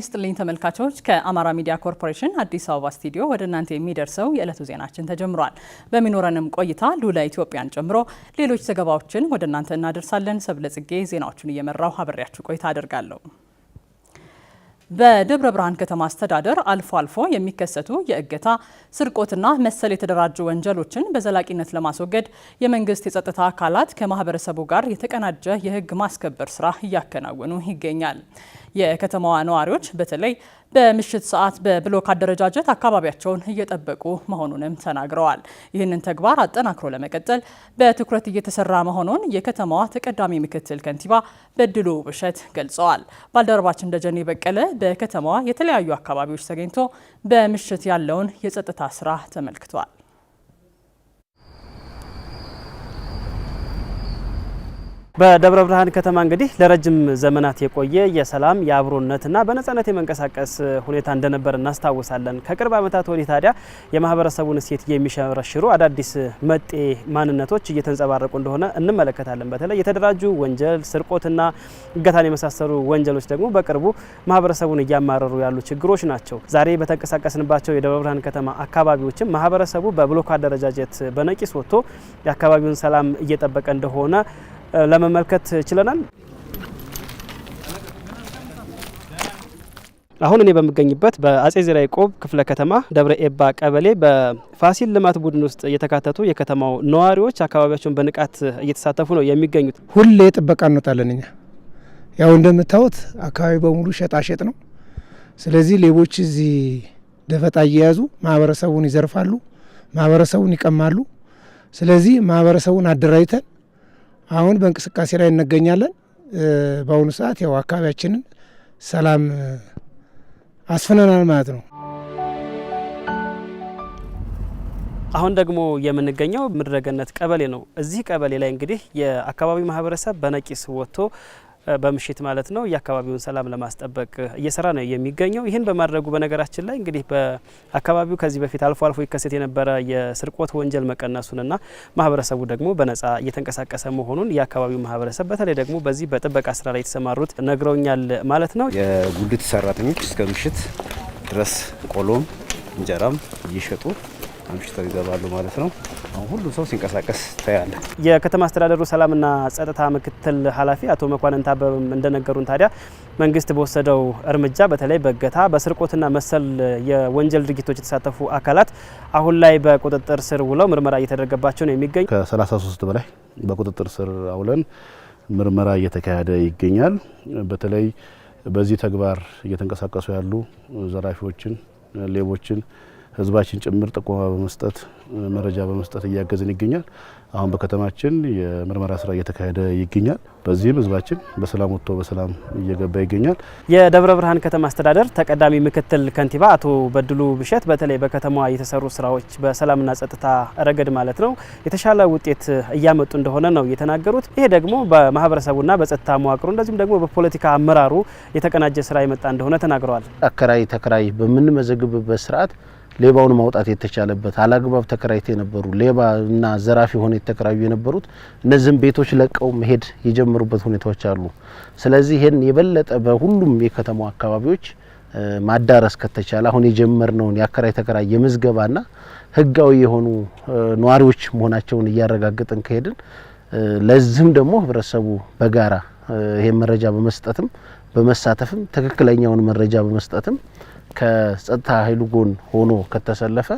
ይስጥልኝ ተመልካቾች፣ ከአማራ ሚዲያ ኮርፖሬሽን አዲስ አበባ ስቱዲዮ ወደ እናንተ የሚደርሰው የዕለቱ ዜናችን ተጀምሯል። በሚኖረንም ቆይታ ሉላ ኢትዮጵያን ጨምሮ ሌሎች ዘገባዎችን ወደ እናንተ እናደርሳለን። ሰብለጽጌ ዜናዎቹን እየመራው አብሬያችሁ ቆይታ አደርጋለሁ። በደብረ ብርሃን ከተማ አስተዳደር አልፎ አልፎ የሚከሰቱ የእገታ ስርቆትና መሰል የተደራጁ ወንጀሎችን በዘላቂነት ለማስወገድ የመንግስት የጸጥታ አካላት ከማህበረሰቡ ጋር የተቀናጀ የህግ ማስከበር ስራ እያከናወኑ ይገኛል። የከተማዋ ነዋሪዎች በተለይ በምሽት ሰዓት በብሎክ አደረጃጀት አካባቢያቸውን እየጠበቁ መሆኑንም ተናግረዋል። ይህንን ተግባር አጠናክሮ ለመቀጠል በትኩረት እየተሰራ መሆኑን የከተማዋ ተቀዳሚ ምክትል ከንቲባ በድሉ ውብሸት ገልጸዋል። ባልደረባችን እንደጀኔ በቀለ በከተማዋ የተለያዩ አካባቢዎች ተገኝቶ በምሽት ያለውን የጸጥታ ስራ ተመልክቷል። በደብረ ብርሃን ከተማ እንግዲህ ለረጅም ዘመናት የቆየ የሰላም የአብሮነትና በነጻነት የመንቀሳቀስ ሁኔታ እንደነበር እናስታውሳለን። ከቅርብ ዓመታት ወዲህ ታዲያ የማህበረሰቡን እሴት የሚሸረሽሩ አዳዲስ መጤ ማንነቶች እየተንጸባረቁ እንደሆነ እንመለከታለን። በተለይ የተደራጁ ወንጀል፣ ስርቆትና እገታን የመሳሰሉ ወንጀሎች ደግሞ በቅርቡ ማህበረሰቡን እያማረሩ ያሉ ችግሮች ናቸው። ዛሬ በተንቀሳቀስንባቸው የደብረ ብርሃን ከተማ አካባቢዎችም ማህበረሰቡ በብሎክ አደረጃጀት በነቂስ ወጥቶ የአካባቢውን ሰላም እየጠበቀ እንደሆነ ለመመልከት ችለናል። አሁን እኔ በምገኝበት በአጼ ዘርዓ ያዕቆብ ክፍለ ከተማ ደብረ ኤባ ቀበሌ በፋሲል ልማት ቡድን ውስጥ እየተካተቱ የከተማው ነዋሪዎች አካባቢያቸውን በንቃት እየተሳተፉ ነው የሚገኙት። ሁሌ ጥበቃ እንወጣለን። እኛ ያው እንደምታዩት አካባቢ በሙሉ ሸጣሸጥ ነው። ስለዚህ ሌቦች እዚህ ደፈጣ እየያዙ ማህበረሰቡን ይዘርፋሉ፣ ማህበረሰቡን ይቀማሉ። ስለዚህ ማህበረሰቡን አደራጅተን አሁን በእንቅስቃሴ ላይ እንገኛለን። በአሁኑ ሰዓት ያው አካባቢያችንን ሰላም አስፍነናል ማለት ነው። አሁን ደግሞ የምንገኘው ምድረገነት ቀበሌ ነው። እዚህ ቀበሌ ላይ እንግዲህ የአካባቢው ማህበረሰብ በነቂስ ወጥቶ በምሽት ማለት ነው የአካባቢውን ሰላም ለማስጠበቅ እየሰራ ነው የሚገኘው። ይህን በማድረጉ በነገራችን ላይ እንግዲህ በአካባቢው ከዚህ በፊት አልፎ አልፎ ይከሰት የነበረ የስርቆት ወንጀል መቀነሱንና ማህበረሰቡ ደግሞ በነጻ እየተንቀሳቀሰ መሆኑን የአካባቢው ማህበረሰብ በተለይ ደግሞ በዚህ በጥበቃ ስራ ላይ የተሰማሩት ነግረውኛል ማለት ነው። የጉልት ሰራተኞች እስከ ምሽት ድረስ ቆሎም እንጀራም እየሸጡ አምሽተው ይገባሉ ማለት ነው። ሁሉ ሰው ሲንቀሳቀስ ታያለ። የከተማ አስተዳደሩ ሰላምና ጸጥታ ምክትል ኃላፊ አቶ መኳንን አበበም እንደነገሩን ታዲያ መንግስት በወሰደው እርምጃ በተለይ በእገታ በስርቆትና መሰል የወንጀል ድርጊቶች የተሳተፉ አካላት አሁን ላይ በቁጥጥር ስር ውለው ምርመራ እየተደረገባቸው ነው የሚገኝ ከ33 በላይ በቁጥጥር ስር አውለን ምርመራ እየተካሄደ ይገኛል። በተለይ በዚህ ተግባር እየተንቀሳቀሱ ያሉ ዘራፊዎችን፣ ሌቦችን ህዝባችን ጭምር ጥቆማ በመስጠት መረጃ በመስጠት እያገዝን ይገኛል። አሁን በከተማችን የምርመራ ስራ እየተካሄደ ይገኛል። በዚህም ህዝባችን በሰላም ወጥቶ በሰላም እየገባ ይገኛል። የደብረ ብርሃን ከተማ አስተዳደር ተቀዳሚ ምክትል ከንቲባ አቶ በድሉ ብሸት በተለይ በከተማዋ የተሰሩ ስራዎች በሰላምና ጸጥታ ረገድ ማለት ነው የተሻለ ውጤት እያመጡ እንደሆነ ነው የተናገሩት። ይሄ ደግሞ በማህበረሰቡና በጸጥታ መዋቅሩ እንደዚሁም ደግሞ በፖለቲካ አመራሩ የተቀናጀ ስራ የመጣ እንደሆነ ተናግረዋል። አከራይ ተከራይ በምንመዘግብበት ስርዓት ሌባውን ማውጣት የተቻለበት አላግባብ ተከራይተ የነበሩ ሌባ እና ዘራፊ ሆነ የተከራዩ የነበሩት እነዚህም ቤቶች ለቀው መሄድ የጀመሩበት ሁኔታዎች አሉ። ስለዚህ ይህን የበለጠ በሁሉም የከተማው አካባቢዎች ማዳረስ ከተቻለ አሁን የጀመርነውን የአከራይ ተከራይ የምዝገባና ህጋዊ የሆኑ ነዋሪዎች መሆናቸውን እያረጋገጥን ከሄድን ለዚህም ደግሞ ህብረተሰቡ በጋራ ይህን መረጃ በመስጠትም በመሳተፍም ትክክለኛውን መረጃ በመስጠትም ከጸጥታ ኃይሉ ጎን ሆኖ ከተሰለፈ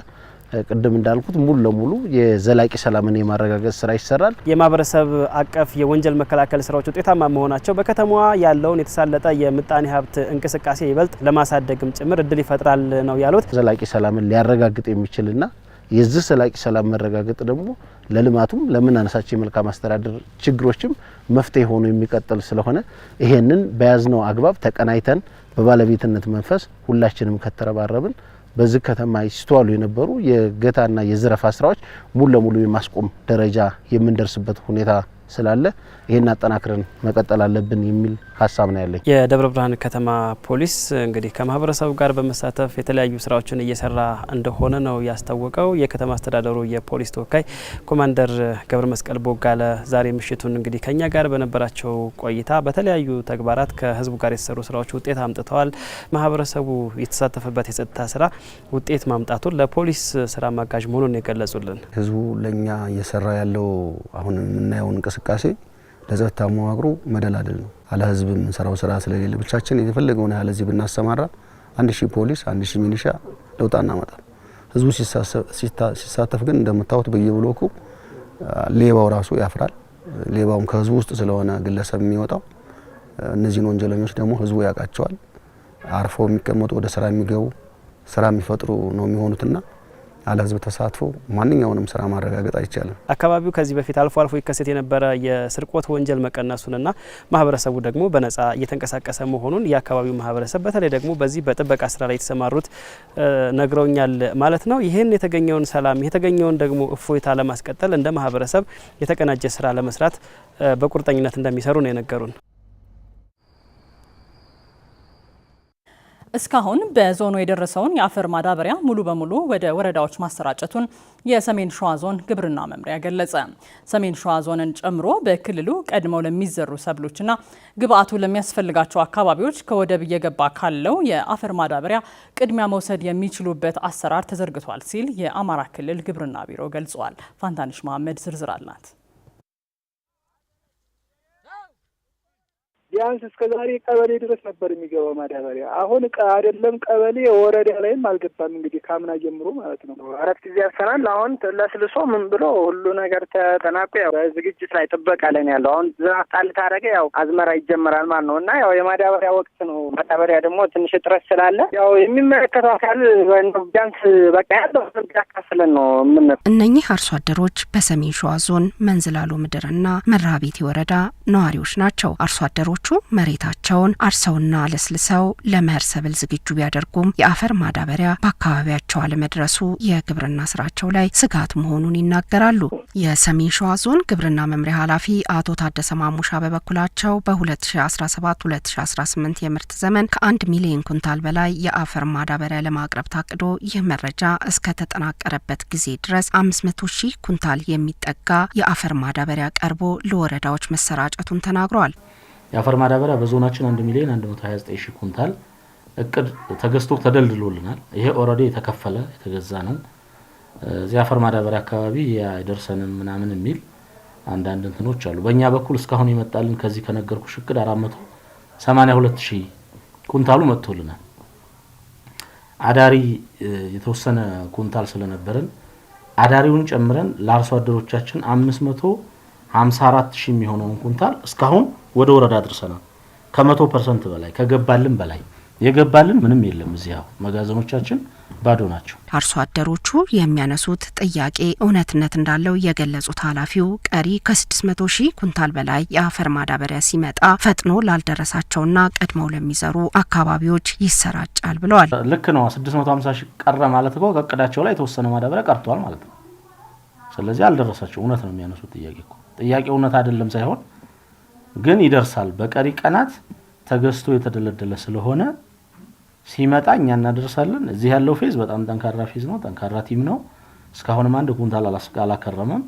ቅድም እንዳልኩት ሙሉ ለሙሉ የዘላቂ ሰላምን የማረጋገጥ ስራ ይሰራል። የማህበረሰብ አቀፍ የወንጀል መከላከል ስራዎች ውጤታማ መሆናቸው በከተማዋ ያለውን የተሳለጠ የምጣኔ ሀብት እንቅስቃሴ ይበልጥ ለማሳደግም ጭምር እድል ይፈጥራል ነው ያሉት። ዘላቂ ሰላምን ሊያረጋግጥ የሚችልና የዚህ ዘላቂ ሰላም መረጋገጥ ደግሞ ለልማቱም ለምናነሳቸው የመልካም አስተዳደር ችግሮችም መፍትሄ ሆኖ የሚቀጥል ስለሆነ ይሄንን በያዝነው አግባብ ተቀናይተን በባለቤትነት መንፈስ ሁላችንም ከተረባረብን በዚህ ከተማ ሲስተዋሉ የነበሩ የገታና የዝረፋ ስራዎች ሙሉ ለሙሉ የማስቆም ደረጃ የምንደርስበት ሁኔታ ስላለ ይህን አጠናክረን መቀጠል አለብን የሚል ሀሳብ ነው ያለኝ። የደብረ ብርሃን ከተማ ፖሊስ እንግዲህ ከማህበረሰቡ ጋር በመሳተፍ የተለያዩ ስራዎችን እየሰራ እንደሆነ ነው ያስታወቀው። የከተማ አስተዳደሩ የፖሊስ ተወካይ ኮማንደር ገብረ መስቀል ቦጋለ ዛሬ ምሽቱን እንግዲህ ከኛ ጋር በነበራቸው ቆይታ በተለያዩ ተግባራት ከህዝቡ ጋር የተሰሩ ስራዎች ውጤት አምጥተዋል፣ ማህበረሰቡ የተሳተፈበት የጸጥታ ስራ ውጤት ማምጣቱን ለፖሊስ ስራ ማጋዥ መሆኑን የገለጹልን ህዝቡ ለእኛ እየሰራ ያለው አሁን የምናየው እንቅስቃሴ እንቅስቃሴ ለጸጥታ መዋቅሩ መደላደል ነው። አለ ህዝብ የምንሰራው ስራ ስለሌለ ብቻችን የተፈለገውን ያህል እዚህ ብናሰማራ አንድ ሺህ ፖሊስ አንድ ሺህ ሚኒሻ ለውጣ አናመጣም። ህዝቡ ሲሳተፍ ግን እንደምታዩት በየብሎኩ ሌባው ራሱ ያፍራል። ሌባውም ከህዝቡ ውስጥ ስለሆነ ግለሰብ የሚወጣው እነዚህን ወንጀለኞች ደግሞ ህዝቡ ያውቃቸዋል። አርፈው የሚቀመጡ ወደ ስራ የሚገቡ ስራ የሚፈጥሩ ነው የሚሆኑትና ያለ ህዝብ ተሳትፎ ማንኛውንም ስራ ማረጋገጥ አይቻልም። አካባቢው ከዚህ በፊት አልፎ አልፎ ይከሰት የነበረ የስርቆት ወንጀል መቀነሱንና ማህበረሰቡ ደግሞ በነጻ እየተንቀሳቀሰ መሆኑን የአካባቢው ማህበረሰብ በተለይ ደግሞ በዚህ በጥበቃ ስራ ላይ የተሰማሩት ነግረውኛል ማለት ነው። ይህን የተገኘውን ሰላም የተገኘውን ደግሞ እፎይታ ለማስቀጠል እንደ ማህበረሰብ የተቀናጀ ስራ ለመስራት በቁርጠኝነት እንደሚሰሩ ነው የነገሩን። እስካሁን በዞኑ የደረሰውን የአፈር ማዳበሪያ ሙሉ በሙሉ ወደ ወረዳዎች ማሰራጨቱን የሰሜን ሸዋ ዞን ግብርና መምሪያ ገለጸ። ሰሜን ሸዋ ዞንን ጨምሮ በክልሉ ቀድመው ለሚዘሩ ሰብሎችና ግብአቱ ለሚያስፈልጋቸው አካባቢዎች ከወደብ እየገባ ካለው የአፈር ማዳበሪያ ቅድሚያ መውሰድ የሚችሉበት አሰራር ተዘርግቷል ሲል የአማራ ክልል ግብርና ቢሮ ገልጿል። ፋንታንሽ መሐመድ ዝርዝር አላት። ቢያንስ እስከ ዛሬ ቀበሌ ድረስ ነበር የሚገባው ማዳበሪያ። አሁን አይደለም ቀበሌ ወረዳ ላይም አልገባም። እንግዲህ ካምና ጀምሮ ማለት ነው። አራት ጊዜ ያሰናል። አሁን ለስልሶ ምን ብሎ ሁሉ ነገር ተጠናቆ ያው በዝግጅት ላይ ጥበቃ ላይ ያለው። አሁን ዝናብ ጣል ታደረገ ያው አዝመራ ይጀመራል ማለት ነው እና ያው የማዳበሪያ ወቅት ነው። ማዳበሪያ ደግሞ ትንሽ እጥረት ስላለ ያው የሚመለከተው አካል ቢያንስ በቃ ያለው ያካፍለን ነው የምን እነኚህ አርሶ አደሮች በሰሜን ሸዋ ዞን መንዝላሉ ምድርና መርሃቤቴ ወረዳ ነዋሪዎች ናቸው። አርሶ አደሮቹ መሬታቸውን አርሰውና ለስልሰው ለመኸር ሰብል ዝግጁ ቢያደርጉም የአፈር ማዳበሪያ በአካባቢያቸው አለመድረሱ የግብርና ስራቸው ላይ ስጋት መሆኑን ይናገራሉ። የሰሜን ሸዋ ዞን ግብርና መምሪያ ኃላፊ አቶ ታደሰ ማሙሻ በበኩላቸው በ2017/2018 የምርት ዘመን ከአንድ ሚሊዮን ኩንታል በላይ የአፈር ማዳበሪያ ለማቅረብ ታቅዶ ይህ መረጃ እስከተጠናቀረበት ጊዜ ድረስ 500 ሺህ ኩንታል የሚጠጋ የአፈር ማዳበሪያ ቀርቦ ለወረዳዎች መሰራጨቱን ተናግሯል። የአፈር ማዳበሪያ በዞናችን 1 ሚሊዮን 129 ሺህ ኩንታል እቅድ ተገዝቶ ተደልድሎልናል። ይሄ ኦልሬዲ የተከፈለ የተገዛ ነው። እዚህ አፈር ማዳበሪያ አካባቢ አይደርሰንም ምናምን የሚል አንዳንድ እንትኖች አሉ። በእኛ በኩል እስካሁን ይመጣልን ከዚህ ከነገርኩሽ እቅድ 482 ሺህ ኩንታሉ መጥቶልናል። አዳሪ የተወሰነ ኩንታል ስለነበረን አዳሪውን ጨምረን ለአርሶ አደሮቻችን 554 ሺህ የሚሆነውን ኩንታል እስካሁን ወደ ወረዳ አድርሰናል። ከመቶ ፐርሰንት በላይ ከገባልን በላይ የገባልን ምንም የለም። እዚያው መጋዘኖቻችን ባዶ ናቸው። አርሶ አደሮቹ የሚያነሱት ጥያቄ እውነትነት እንዳለው የገለጹት ኃላፊው ቀሪ ከ600 ሺህ ኩንታል በላይ የአፈር ማዳበሪያ ሲመጣ ፈጥኖ ላልደረሳቸውና ቀድመው ለሚዘሩ አካባቢዎች ይሰራጫል ብለዋል። ልክ ነው። 650 ሺህ ቀረ ማለት እኮ ከእቅዳቸው ላይ የተወሰነ ማዳበሪያ ቀርቷል ማለት ነው። ስለዚህ አልደረሳቸው እውነት ነው የሚያነሱት ጥያቄ እኮ ጥያቄ እውነት አይደለም ሳይሆን ግን ይደርሳል። በቀሪ ቀናት ተገዝቶ የተደለደለ ስለሆነ ሲመጣ እኛ እናደርሳለን። እዚህ ያለው ፌዝ በጣም ጠንካራ ፌዝ ነው። ጠንካራ ቲም ነው። እስካሁንም አንድ ኩንታል አላከረመም።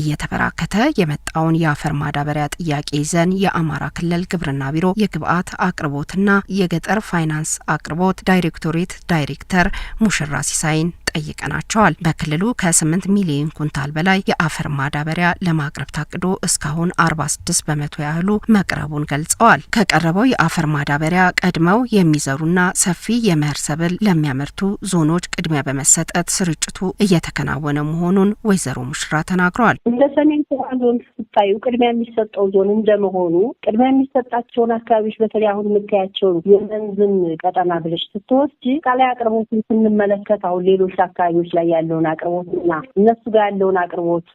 እየተበራከተ የመጣውን የአፈር ማዳበሪያ ጥያቄ ይዘን የአማራ ክልል ግብርና ቢሮ የግብአት አቅርቦትና የገጠር ፋይናንስ አቅርቦት ዳይሬክቶሬት ዳይሬክተር ሙሽራ ሲሳይን ጠይቀናቸዋል። በክልሉ ከ8 ሚሊዮን ኩንታል በላይ የአፈር ማዳበሪያ ለማቅረብ ታቅዶ እስካሁን 46 በመቶ ያህሉ መቅረቡን ገልጸዋል። ከቀረበው የአፈር ማዳበሪያ ቀድመው የሚዘሩና ሰፊ የመኸር ሰብል ለሚያመርቱ ዞኖች ቅድሚያ በመሰጠት ስርጭቱ እየተከናወነ መሆኑን ወይዘሮ ሙሽራ ተናግረዋል። እንደ ሰሜን ሸዋ ዞን ስታዩ ቅድሚያ የሚሰጠው ዞን እንደመሆኑ ቅድሚያ የሚሰጣቸውን አካባቢዎች በተለይ አሁን የምታያቸውን የመንዝን ቀጠና ብለሽ ስትወስጂ ቃላይ አቅርቦትን ስንመለከት አሁን ሌሎች አካባቢዎች ላይ ያለውን አቅርቦት እና እነሱ ጋር ያለውን አቅርቦት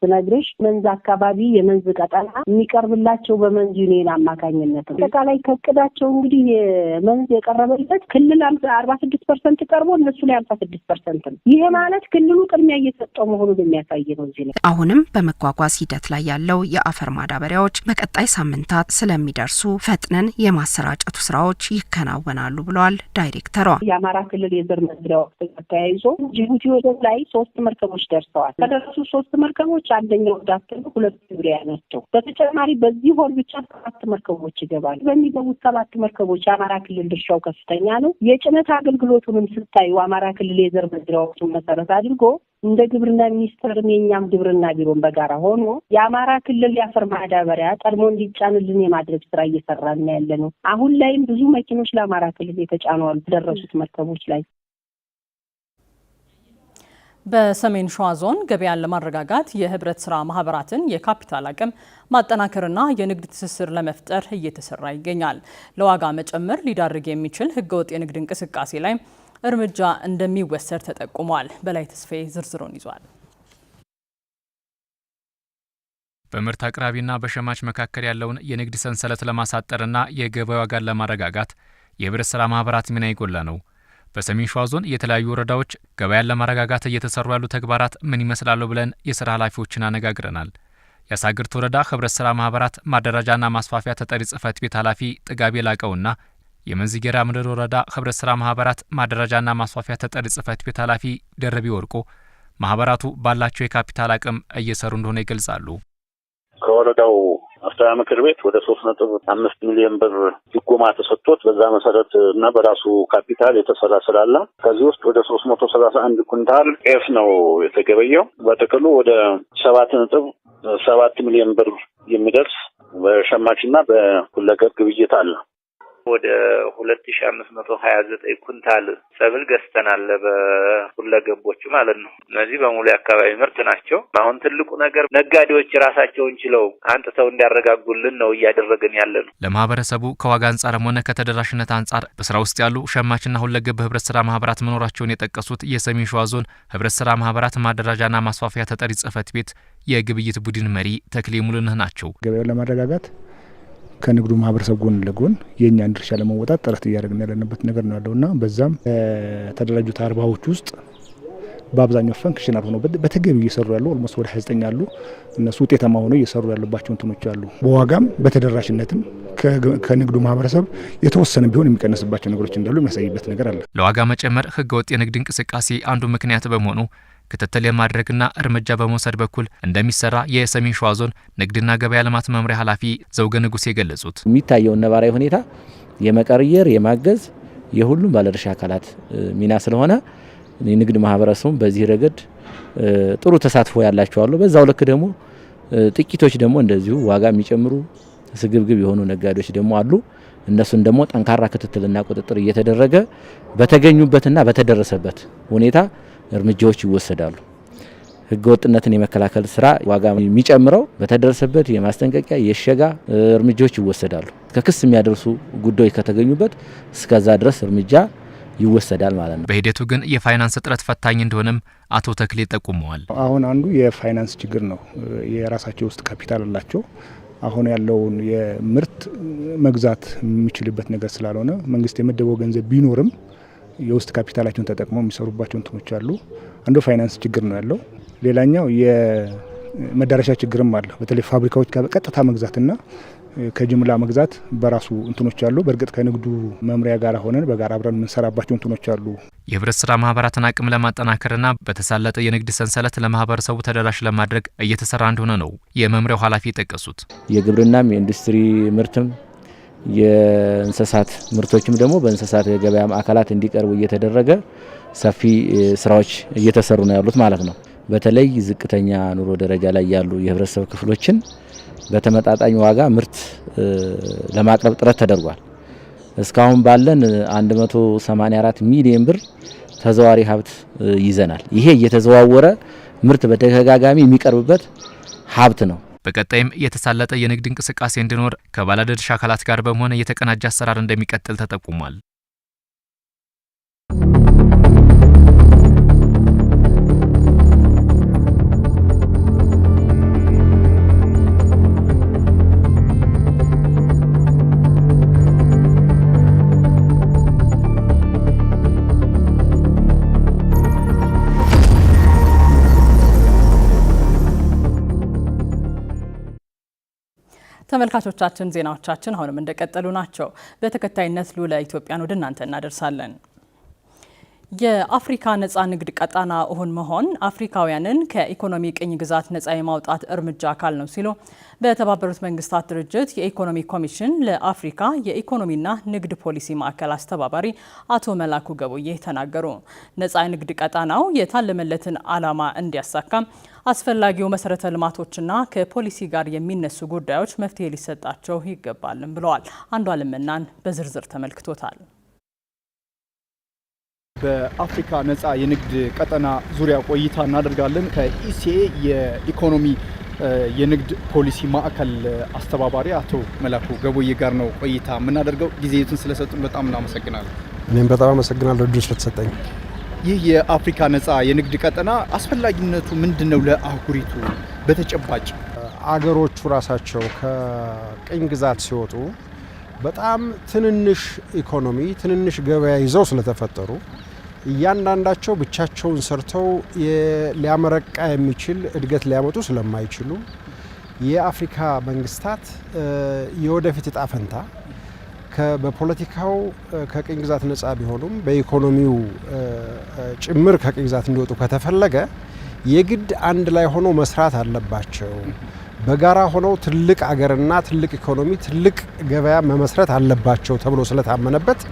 ስነግርሽ መንዝ አካባቢ የመንዝ ቀጠና የሚቀርብላቸው በመንዝ ዩኒየን አማካኝነት ነው። አጠቃላይ ከእቅዳቸው እንግዲህ መንዝ የቀረበለት ክልል አርባ ስድስት ፐርሰንት ቀርቦ እነሱ ላይ አምሳ ስድስት ፐርሰንት ነው። ይሄ ማለት ክልሉ ቅድሚያ እየሰጠው መሆኑን የሚያሳይ ነው። እዚህ ላይ አሁንም በመጓጓዝ ሂደት ላይ ያለው የአፈር ማዳበሪያዎች በቀጣይ ሳምንታት ስለሚደርሱ ፈጥነን የማሰራጨቱ ስራዎች ይከናወናሉ ብለዋል ዳይሬክተሯ። የአማራ ክልል የዘር መዝሪያ ወቅት ተያይዞ ጅቡቲ ወደብ ላይ ሶስት መርከቦች ደርሰዋል። ከደረሱ ሶስት መርከቦች አንደኛው ዳክል፣ ሁለቱ ዙሪያ ናቸው። በተጨማሪ በዚህ ወር ብቻ ሰባት መርከቦች ይገባሉ። በሚገቡት ሰባት መርከቦች የአማራ ክልል ድርሻው ከፍተኛ ነው። የጭነት አገልግሎቱንም ስታዩ አማራ ክልል የዘር መዝሪያዎቹን መሰረት አድርጎ እንደ ግብርና ሚኒስቴርም የኛም ግብርና ቢሮን በጋራ ሆኖ የአማራ ክልል የአፈር ማዳበሪያ ቀድሞ እንዲጫንልን የማድረግ ስራ እየሰራና ያለ ነው። አሁን ላይም ብዙ መኪኖች ለአማራ ክልል የተጫኑ አሉ። ደረሱት መርከቦች ላይ በሰሜን ሸዋ ዞን ገበያን ለማረጋጋት የህብረት ስራ ማህበራትን የካፒታል አቅም ማጠናከርና የንግድ ትስስር ለመፍጠር እየተሰራ ይገኛል። ለዋጋ መጨመር ሊዳርግ የሚችል ህገወጥ የንግድ እንቅስቃሴ ላይ እርምጃ እንደሚወሰድ ተጠቁሟል። በላይ ተስፋዬ ዝርዝሩን ይዟል። በምርት አቅራቢና በሸማች መካከል ያለውን የንግድ ሰንሰለት ለማሳጠርና የገበያ ዋጋን ለማረጋጋት የህብረት ስራ ማህበራት ሚና የጎላ ነው። በሰሜን ሸዋ ዞን የተለያዩ ወረዳዎች ገበያን ለማረጋጋት እየተሰሩ ያሉ ተግባራት ምን ይመስላሉ ብለን የስራ ኃላፊዎችን አነጋግረናል። የአሳግርት ወረዳ ህብረት ስራ ማህበራት ማደራጃና ማስፋፊያ ተጠሪ ጽህፈት ቤት ኃላፊ ጥጋቤ ላቀውና የመንዝጌራ ምድር ወረዳ ህብረት ስራ ማህበራት ማደራጃና ማስፋፊያ ተጠሪ ጽህፈት ቤት ኃላፊ ደረቢ ወርቆ ማህበራቱ ባላቸው የካፒታል አቅም እየሰሩ እንደሆነ ይገልጻሉ። ከወረዳው አስተዳደር ምክር ቤት ወደ ሶስት ነጥብ አምስት ሚሊዮን ብር ድጎማ ተሰጥቶት በዛ መሰረት እና በራሱ ካፒታል የተሰራ ስላለ ከዚህ ውስጥ ወደ ሶስት መቶ ሰላሳ አንድ ኩንታል ጤፍ ነው የተገበየው። በጥቅሉ ወደ ሰባት ነጥብ ሰባት ሚሊዮን ብር የሚደርስ በሸማችና በሁለገብ ግብይት አለ። ወደ ሁለት ሺ አምስት መቶ ሀያ ዘጠኝ ኩንታል ሰብል ገዝተናል። በሁለገቦቹ ማለት ነው። እነዚህ በሙሉ የአካባቢ ምርት ናቸው። አሁን ትልቁ ነገር ነጋዴዎች ራሳቸውን ችለው አንጥተው እንዲያረጋጉልን ነው እያደረግን ያለ ነው። ለማህበረሰቡ ከዋጋ አንጻርም ሆነ ከተደራሽነት አንጻር በስራ ውስጥ ያሉ ሸማችና ሁለገብ ህብረት ስራ ማህበራት መኖራቸውን የጠቀሱት የሰሜን ሸዋ ዞን ህብረት ስራ ማህበራት ማደራጃና ማስፋፊያ ተጠሪ ጽህፈት ቤት የግብይት ቡድን መሪ ተክሌ ሙሉነህ ናቸው። ገበያውን ለማረጋጋት ከንግዱ ማህበረሰብ ጎን ለጎን የእኛን ድርሻ ለመወጣት ጥረት እያደረግን ያለንበት ነገር ነው ያለውና በዛም ከተደራጁት አርባዎች ውስጥ በአብዛኛው ፈንክሽናል ሆነው በተገቢ እየሰሩ ያሉ ኦልሞስት ወደ 29 ያሉ እነሱ ውጤታማ ሆነው እየሰሩ ያሉባቸው እንትኖች አሉ። በዋጋም በተደራሽነትም ከንግዱ ማህበረሰብ የተወሰነ ቢሆን የሚቀንስባቸው ነገሮች እንዳሉ የሚያሳይበት ነገር አለ። ለዋጋ መጨመር ህገወጥ የንግድ እንቅስቃሴ አንዱ ምክንያት በመሆኑ ክትትል የማድረግና እርምጃ በመውሰድ በኩል እንደሚሰራ የሰሜን ሸዋ ዞን ንግድና ገበያ ልማት መምሪያ ኃላፊ ዘውገ ንጉሴ የገለጹት የሚታየውን ነባራዊ ሁኔታ የመቀርየር የማገዝ የሁሉም ባለድርሻ አካላት ሚና ስለሆነ የንግድ ማህበረሰቡም በዚህ ረገድ ጥሩ ተሳትፎ ያላቸዋሉ በዛው ልክ ደግሞ ጥቂቶች ደግሞ እንደዚሁ ዋጋ የሚጨምሩ ስግብግብ የሆኑ ነጋዴዎች ደግሞ አሉ። እነሱን ደግሞ ጠንካራ ክትትልና ቁጥጥር እየተደረገ በተገኙበትና በተደረሰበት ሁኔታ እርምጃዎች ይወሰዳሉ። ህገወጥነትን የመከላከል ስራ ዋጋ የሚጨምረው በተደረሰበት የማስጠንቀቂያ የሸጋ እርምጃዎች ይወሰዳሉ። ከክስ የሚያደርሱ ጉዳዮች ከተገኙበት እስከዛ ድረስ እርምጃ ይወሰዳል ማለት ነው። በሂደቱ ግን የፋይናንስ እጥረት ፈታኝ እንደሆነም አቶ ተክሌ ጠቁመዋል። አሁን አንዱ የፋይናንስ ችግር ነው። የራሳቸው ውስጥ ካፒታል አላቸው። አሁን ያለውን የምርት መግዛት የሚችልበት ነገር ስላልሆነ መንግስት የመደበው ገንዘብ ቢኖርም የውስጥ ካፒታላቸውን ተጠቅመው የሚሰሩባቸው እንትኖች አሉ። አንዱ ፋይናንስ ችግር ነው ያለው። ሌላኛው የመዳረሻ ችግርም አለ። በተለይ ፋብሪካዎች ከቀጥታ መግዛትና ከጅምላ መግዛት በራሱ እንትኖች አሉ። በእርግጥ ከንግዱ መምሪያ ጋር ሆነን በጋራ አብረን የምንሰራባቸው እንትኖች አሉ። የህብረት ስራ ማህበራትን አቅም ለማጠናከርና በተሳለጠ የንግድ ሰንሰለት ለማህበረሰቡ ተደራሽ ለማድረግ እየተሰራ እንደሆነ ነው የመምሪያው ኃላፊ የጠቀሱት። የግብርናም የኢንዱስትሪ ምርትም የእንስሳት ምርቶችም ደግሞ በእንስሳት ገበያ ማዕከላት እንዲቀርቡ እየተደረገ ሰፊ ስራዎች እየተሰሩ ነው ያሉት ማለት ነው። በተለይ ዝቅተኛ ኑሮ ደረጃ ላይ ያሉ የህብረተሰብ ክፍሎችን በተመጣጣኝ ዋጋ ምርት ለማቅረብ ጥረት ተደርጓል። እስካሁን ባለን 184 ሚሊዮን ብር ተዘዋሪ ሀብት ይዘናል። ይሄ እየተዘዋወረ ምርት በተደጋጋሚ የሚቀርብበት ሀብት ነው። በቀጣይም የተሳለጠ የንግድ እንቅስቃሴ እንዲኖር ከባለድርሻ አካላት ጋር በመሆን የተቀናጀ አሰራር እንደሚቀጥል ተጠቁሟል። ተመልካቾቻችን ዜናዎቻችን አሁንም እንደቀጠሉ ናቸው። በተከታይነት ሉላ ኢትዮጵያን ወደ እናንተ እናደርሳለን። የአፍሪካ ነጻ ንግድ ቀጣና እሁን መሆን አፍሪካውያንን ከኢኮኖሚ ቅኝ ግዛት ነጻ የማውጣት እርምጃ አካል ነው ሲሉ በተባበሩት መንግስታት ድርጅት የኢኮኖሚ ኮሚሽን ለአፍሪካ የኢኮኖሚና ንግድ ፖሊሲ ማዕከል አስተባባሪ አቶ መላኩ ገቦዬ ተናገሩ። ነጻ ንግድ ቀጣናው የታለመለትን ዓላማ እንዲያሳካም አስፈላጊው መሰረተ ልማቶችና ከፖሊሲ ጋር የሚነሱ ጉዳዮች መፍትሄ ሊሰጣቸው ይገባልም ብለዋል። አንዷ ልምናን በዝርዝር ተመልክቶታል። በአፍሪካ ነፃ የንግድ ቀጠና ዙሪያ ቆይታ እናደርጋለን ከኢሲኤ የኢኮኖሚ የንግድ ፖሊሲ ማዕከል አስተባባሪ አቶ መላኩ ገቦዬ ጋር ነው ቆይታ የምናደርገው። ጊዜቱን ስለሰጡን በጣም እናመሰግናለን። እኔም በጣም አመሰግናለሁ እድል ስለተሰጠኝ። ይህ የአፍሪካ ነፃ የንግድ ቀጠና አስፈላጊነቱ ምንድን ነው? ለአህጉሪቱ በተጨባጭ አገሮቹ ራሳቸው ከቅኝ ግዛት ሲወጡ በጣም ትንንሽ ኢኮኖሚ፣ ትንንሽ ገበያ ይዘው ስለተፈጠሩ እያንዳንዳቸው ብቻቸውን ሰርተው ሊያመረቃ የሚችል እድገት ሊያመጡ ስለማይችሉ የአፍሪካ መንግስታት የወደፊት እጣ ፈንታ በፖለቲካው ከቅኝ ግዛት ነጻ ቢሆኑም በኢኮኖሚው ጭምር ከቅኝ ግዛት እንዲወጡ ከተፈለገ የግድ አንድ ላይ ሆነው መስራት አለባቸው። በጋራ ሆነው ትልቅ አገርና ትልቅ ኢኮኖሚ፣ ትልቅ ገበያ መመስረት አለባቸው ተብሎ ስለታመነበት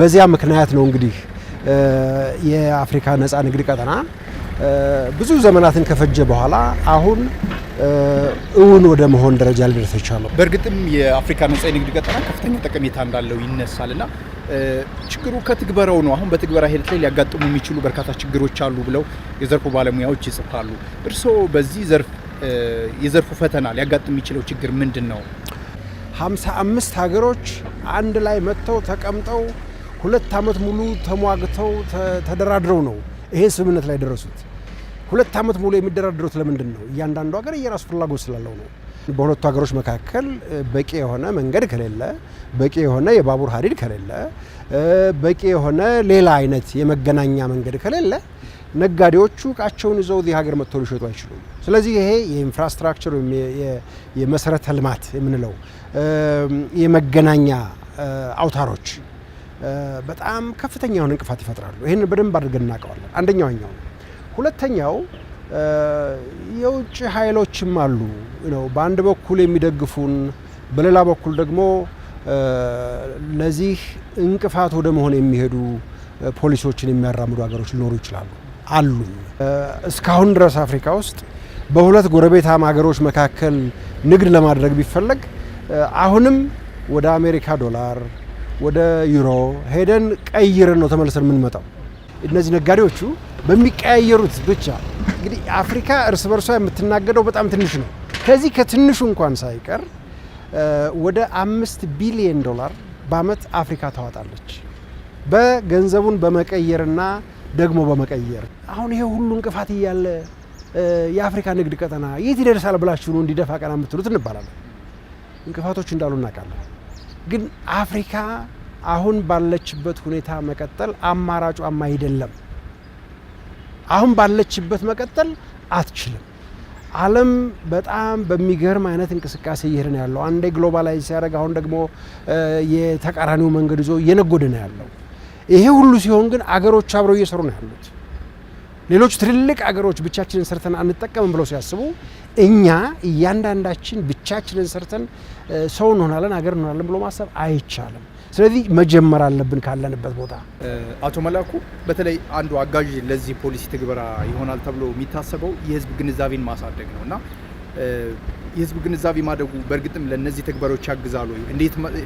በዚያ ምክንያት ነው እንግዲህ የአፍሪካ ነፃ ንግድ ቀጠና ብዙ ዘመናትን ከፈጀ በኋላ አሁን እውን ወደ መሆን ደረጃ ሊደርስ ይቻለው። በእርግጥም የአፍሪካ ነጻ የንግድ ቀጠና ከፍተኛ ጠቀሜታ እንዳለው ይነሳልና ችግሩ ከትግበራው ነው። አሁን በትግበራ ሂደት ላይ ሊያጋጥሙ የሚችሉ በርካታ ችግሮች አሉ ብለው የዘርፉ ባለሙያዎች ይጽፋሉ። እርስዎ በዚህ ዘርፍ የዘርፉ ፈተና ሊያጋጥም የሚችለው ችግር ምንድን ነው? ሀምሳ አምስት ሀገሮች አንድ ላይ መጥተው ተቀምጠው ሁለት ዓመት ሙሉ ተሟግተው ተደራድረው ነው ይሄ ስምምነት ላይ ደረሱት። ሁለት ዓመት ሙሉ የሚደራድሩት ለምንድን ነው? እያንዳንዱ ሀገር የራሱ ፍላጎት ስላለው ነው። በሁለቱ ሀገሮች መካከል በቂ የሆነ መንገድ ከሌለ፣ በቂ የሆነ የባቡር ሀዲድ ከሌለ፣ በቂ የሆነ ሌላ አይነት የመገናኛ መንገድ ከሌለ ነጋዴዎቹ እቃቸውን ይዘው እዚህ ሀገር መጥተው ሊሸጡ አይችሉም። ስለዚህ ይሄ የኢንፍራስትራክቸር ወይም የመሰረተ ልማት የምንለው የመገናኛ አውታሮች በጣም ከፍተኛ የሆነ እንቅፋት ይፈጥራሉ። ይህንን በደንብ አድርገን እናውቀዋለን። አንደኛው ኛው ሁለተኛው የውጭ ኃይሎችም አሉ ነው በአንድ በኩል የሚደግፉን በሌላ በኩል ደግሞ ለዚህ እንቅፋት ወደ መሆን የሚሄዱ ፖሊሲዎችን የሚያራምዱ ሀገሮች ሊኖሩ ይችላሉ አሉ። እስካሁን ድረስ አፍሪካ ውስጥ በሁለት ጎረቤታማ ሀገሮች መካከል ንግድ ለማድረግ ቢፈለግ አሁንም ወደ አሜሪካ ዶላር ወደ ዩሮ ሄደን ቀይረን ነው ተመልሰን የምንመጣው። እነዚህ ነጋዴዎቹ በሚቀያየሩት ብቻ እንግዲህ አፍሪካ እርስ በርሷ የምትናገደው በጣም ትንሽ ነው። ከዚህ ከትንሹ እንኳን ሳይቀር ወደ አምስት ቢሊየን ዶላር በአመት አፍሪካ ታዋጣለች በገንዘቡን በመቀየርና ደግሞ በመቀየር። አሁን ይሄ ሁሉ እንቅፋት እያለ የአፍሪካ ንግድ ቀጠና የት ይደርሳል ብላችሁ ነው እንዲደፋ ቀና የምትሉት እንባላለን። እንቅፋቶች እንዳሉ እናውቃለን። ግን አፍሪካ አሁን ባለችበት ሁኔታ መቀጠል አማራጯም አይደለም። አሁን ባለችበት መቀጠል አትችልም። ዓለም በጣም በሚገርም አይነት እንቅስቃሴ እየሄደ ነው ያለው። አንዴ ግሎባላይዝ ሲያደርግ፣ አሁን ደግሞ የተቃራኒው መንገድ ይዞ እየነጎደ ነው ያለው። ይሄ ሁሉ ሲሆን ግን አገሮች አብረው እየሰሩ ነው ያሉት። ሌሎች ትልልቅ አገሮች ብቻችንን ሰርተን አንጠቀምም ብለው ሲያስቡ እኛ እያንዳንዳችን ብቻችንን ሰርተን ሰው እንሆናለን አገር እንሆናለን ብሎ ማሰብ አይቻልም። ስለዚህ መጀመር አለብን ካለንበት ቦታ። አቶ መላኩ በተለይ አንዱ አጋዥ ለዚህ ፖሊሲ ትግበራ ይሆናል ተብሎ የሚታሰበው የህዝብ ግንዛቤን ማሳደግ ነው እና የህዝብ ግንዛቤ ማደጉ በእርግጥም ለእነዚህ ተግባሮች ያግዛሉ።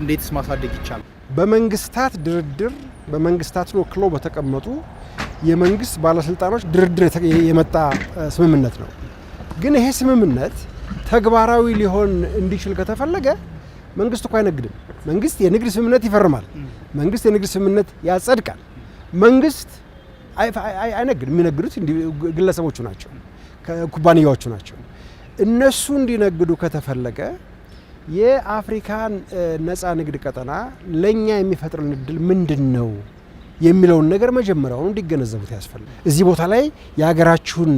እንዴትስ ማሳደግ ይቻላል? በመንግስታት ድርድር በመንግስታትን ወክለው በተቀመጡ የመንግስት ባለስልጣኖች ድርድር የመጣ ስምምነት ነው። ግን ይሄ ስምምነት ተግባራዊ ሊሆን እንዲችል ከተፈለገ መንግስት እኮ አይነግድም። መንግስት የንግድ ስምምነት ይፈርማል። መንግስት የንግድ ስምምነት ያጸድቃል። መንግስት አይነግድም። የሚነግዱት ግለሰቦቹ ናቸው፣ ኩባንያዎቹ ናቸው። እነሱ እንዲነግዱ ከተፈለገ የአፍሪካን ነፃ ንግድ ቀጠና ለእኛ የሚፈጥርን እድል ምንድን ነው? የሚለውን ነገር መጀመሪያውኑ እንዲገነዘቡት ያስፈልጋል። እዚህ ቦታ ላይ የሀገራችሁን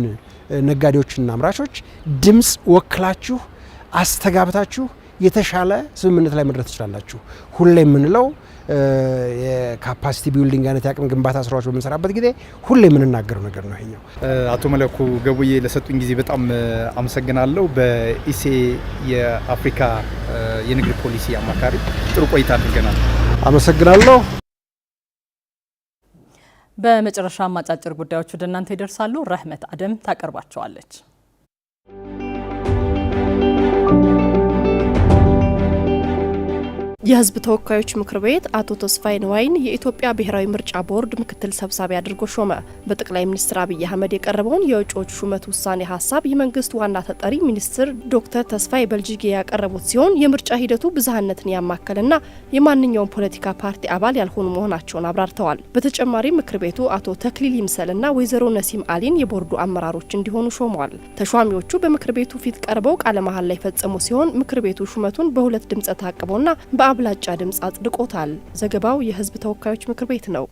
ነጋዴዎችና አምራቾች ድምፅ ወክላችሁ አስተጋብታችሁ የተሻለ ስምምነት ላይ መድረስ ትችላላችሁ። ሁሌ የምንለው የካፓሲቲ ቢልዲንግ አይነት የአቅም ግንባታ ስራዎች በምንሰራበት ጊዜ ሁሌ የምንናገረው ነገር ነው ይሄኛው። አቶ መለኩ ገቡዬ ለሰጡኝ ጊዜ በጣም አመሰግናለሁ። በኢሴ የአፍሪካ የንግድ ፖሊሲ አማካሪ ጥሩ ቆይታ አድርገናል። አመሰግናለሁ። በመጨረሻም አጫጭር ጉዳዮች ወደ እናንተ ይደርሳሉ። ረህመት አደም ታቀርባቸዋለች። የህዝብ ተወካዮች ምክር ቤት አቶ ተስፋይ ዋይን የኢትዮጵያ ብሔራዊ ምርጫ ቦርድ ምክትል ሰብሳቢ አድርጎ ሾመ። በጠቅላይ ሚኒስትር አብይ አህመድ የቀረበውን የእጩዎች ሹመት ውሳኔ ሀሳብ የመንግስት ዋና ተጠሪ ሚኒስትር ዶክተር ተስፋይ በልጅጌ ያቀረቡት ሲሆን የምርጫ ሂደቱ ብዝሃነትን ያማከልና የማንኛውም ፖለቲካ ፓርቲ አባል ያልሆኑ መሆናቸውን አብራርተዋል። በተጨማሪም ምክር ቤቱ አቶ ተክሊል ይምሰልና ወይዘሮ ነሲም አሊን የቦርዱ አመራሮች እንዲሆኑ ሾመዋል። ተሿሚዎቹ በምክር ቤቱ ፊት ቀርበው ቃለ መሃላ ላይ ፈጸሙ ሲሆን ምክር ቤቱ ሹመቱን በሁለት ድምጸ ታቅበውና በ በአብላጫ ድምፅ አጽድቆታል። ዘገባው የሕዝብ ተወካዮች ምክር ቤት ነው።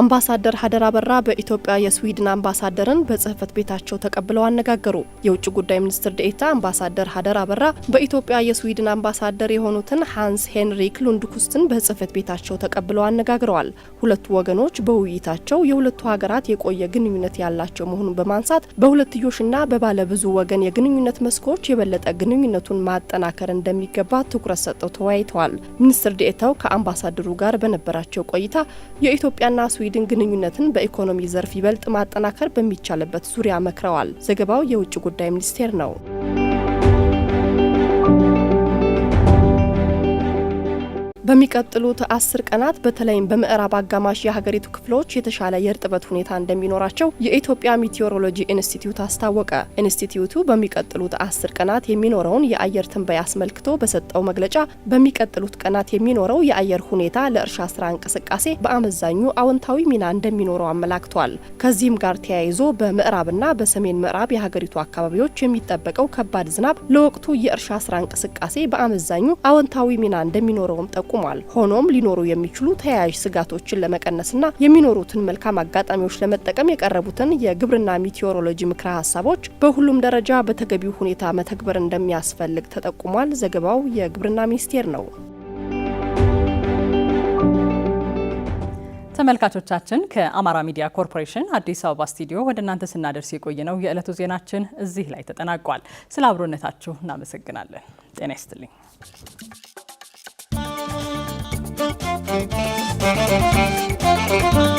አምባሳደር ሀደር አበራ በኢትዮጵያ የስዊድን አምባሳደርን በጽህፈት ቤታቸው ተቀብለው አነጋገሩ። የውጭ ጉዳይ ሚኒስትር ዴኤታ አምባሳደር ሀደር አበራ በኢትዮጵያ የስዊድን አምባሳደር የሆኑትን ሃንስ ሄንሪክ ሉንድኩስትን በጽህፈት ቤታቸው ተቀብለው አነጋግረዋል። ሁለቱ ወገኖች በውይይታቸው የሁለቱ ሀገራት የቆየ ግንኙነት ያላቸው መሆኑን በማንሳት በሁለትዮሽና በባለብዙ ወገን የግንኙነት መስኮች የበለጠ ግንኙነቱን ማጠናከር እንደሚገባ ትኩረት ሰጥተው ተወያይተዋል። ሚኒስትር ዴኤታው ከአምባሳደሩ ጋር በነበራቸው ቆይታ የኢትዮጵያና ስዊድን የስዊድን ግንኙነትን በኢኮኖሚ ዘርፍ ይበልጥ ማጠናከር በሚቻልበት ዙሪያ መክረዋል። ዘገባው የውጭ ጉዳይ ሚኒስቴር ነው። በሚቀጥሉት አስር ቀናት በተለይም በምዕራብ አጋማሽ የሀገሪቱ ክፍሎች የተሻለ የእርጥበት ሁኔታ እንደሚኖራቸው የኢትዮጵያ ሚቴዎሮሎጂ ኢንስቲትዩት አስታወቀ። ኢንስቲትዩቱ በሚቀጥሉት አስር ቀናት የሚኖረውን የአየር ትንበያ አስመልክቶ በሰጠው መግለጫ በሚቀጥሉት ቀናት የሚኖረው የአየር ሁኔታ ለእርሻ ስራ እንቅስቃሴ በአመዛኙ አዎንታዊ ሚና እንደሚኖረው አመላክቷል። ከዚህም ጋር ተያይዞ በምዕራብና በሰሜን ምዕራብ የሀገሪቱ አካባቢዎች የሚጠበቀው ከባድ ዝናብ ለወቅቱ የእርሻ ስራ እንቅስቃሴ በአመዛኙ አዎንታዊ ሚና እንደሚኖረውም ጠቁ ጠቁሟል። ሆኖም ሊኖሩ የሚችሉ ተያያዥ ስጋቶችን ለመቀነስና የሚኖሩትን መልካም አጋጣሚዎች ለመጠቀም የቀረቡትን የግብርና ሚቴዎሮሎጂ ምክረ ሀሳቦች በሁሉም ደረጃ በተገቢው ሁኔታ መተግበር እንደሚያስፈልግ ተጠቁሟል። ዘገባው የግብርና ሚኒስቴር ነው። ተመልካቾቻችን ከአማራ ሚዲያ ኮርፖሬሽን አዲስ አበባ ስቱዲዮ ወደ እናንተ ስናደርስ የቆየ ነው የዕለቱ ዜናችን እዚህ ላይ ተጠናቋል። ስለ አብሮነታችሁ እናመሰግናለን። ጤና ይስጥልኝ። Thank you.